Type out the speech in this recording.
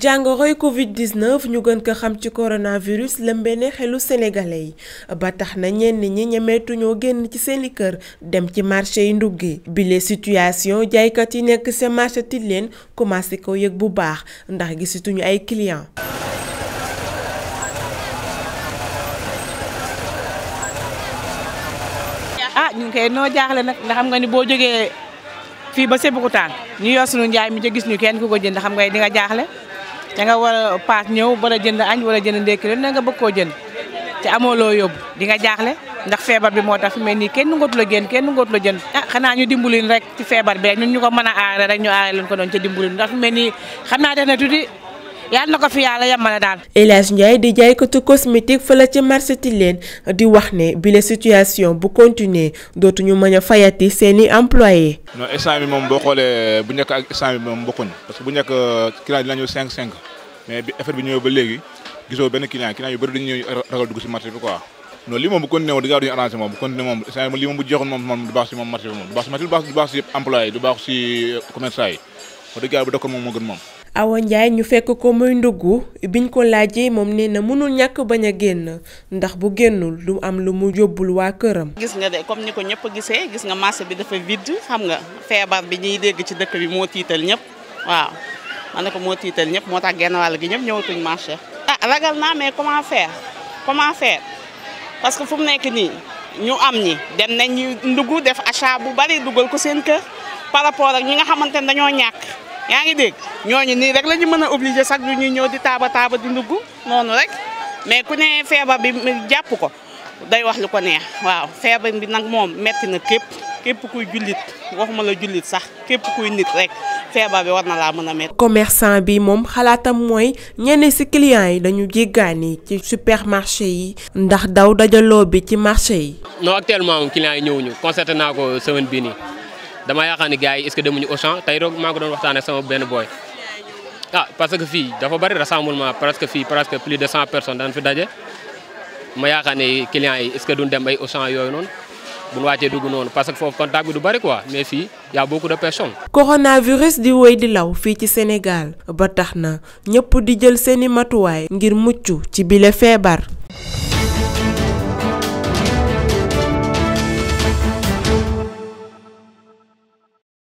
jàngoroy Covid 19 ñu gën ko xam ci coronavirus la ne xelu senegale yi ba tax na ñenn ñi ñemeetuñoo génn ci seeni kër dem ci marché yi ndugg yi bile situation jaaykat yi nekk seen marché Tilène commencé ko yëg bu baax ndax gisituñu ay clients. ah ñu ngi koy noo jaaxle nag nga xam nga ni boo jógee fii ba Sébikotane ñu yor sunu njaay mi ca gis ñu kenn ku ko jënd xam nga di nga jaaxle. da nga war a paas ñëw war a jënd añ war a jënd ndékki loolu na nga bëgg koo jënd te amoo loo yóbbu di nga jaaxle ndax feebar bi moo tax fi mel ni kenn ngootu la génn kenn ngootu la jënd ah xanaa ñu dimbalin rek ci feebar bi rek ñu ko mën a aare rek ñu aare leen ko doon ca dimbalin ndax fi mel nii xam naa def na yàlla na ko fi yàlla yemale daal. El Hadj Ndiaye di jaaykatu cosmétique fa ci marché Tilène di wax ne bi la situation bu continuer ñu mën a fayati seen i employés. non instant bi moom boo xoolee bu nekk ak instant bi moom bokkuñu parce que bu nekk euh, client ñëwee ba léegi gisoo benn client client yu bëri dañu ñëw ragal dugg si marché bi quoi. non lii moom bu continué woon di gaaw duñu arrangé moom bu continué moom instant lii moom bu jeexoon moom du baax si moom marché bi moom du baax si marché du baax si yëpp du moo Awa Ndiaye ñu fekk ko muy ndugg biñ ko laajee moom nee na mënul ñàkk bañ a génn ndax bu génnul lu am lu mu yóbbul waa këram. gis nga de comme ni ko ñëpp gisee gis nga marché bi dafa vide xam nga feebar bi ñuy dégg ci dëkk bi moo tiital ñëpp waaw ma ne ko moo tiital ñëpp moo tax genn wàll gi ñëpp ñëwatuñ marché. ah ragal naa mais comment faire comment faire parce que fu mu nekk nii ñu am ñi dem nañ ndugg def achat bu bari dugal ko seen kër par rapport ak ñi nga xamante ne dañoo ñàkk. yaangi deg dégg ñooñu rek la mëna obligé sax ñu ñëw di taba taba di nugu nonu rek mais ku ne febar bi japp ko day wax lu ko neex waaw febar bi nak mom metti na kep kep kuy julit waxuma la julit sax kep kuy nit rek febar bi war na la mëna met commerçant bi mom xalaatam moy ñene ci client yi dañu jéggaani ci supermarché yi ndax daw dajalo bi ci marché yi. non actuellement client clients yi ñëwuñu constaté na ko semaine bi ni dama yaakaar ni gars yi est-ce que demuñu Auchan tey roog maa ko doon waxtaanee sama benn booy. ah parce que fii dafa bari rassemblement presque fii presque plus de cent personnes dañ fi daje ma yaakaar ne clients yi est-ce que duñ dem ay Auchan yooyu noonu. bu ñu wàccee dugg noonu parce que foofu contact bi du bari quoi mais fii y a beaucoup personnes. coronavirus di wéy di law fii ci Sénégal ba tax na ñëpp di jël seeni matuwaay ngir mucc ci bile feebar.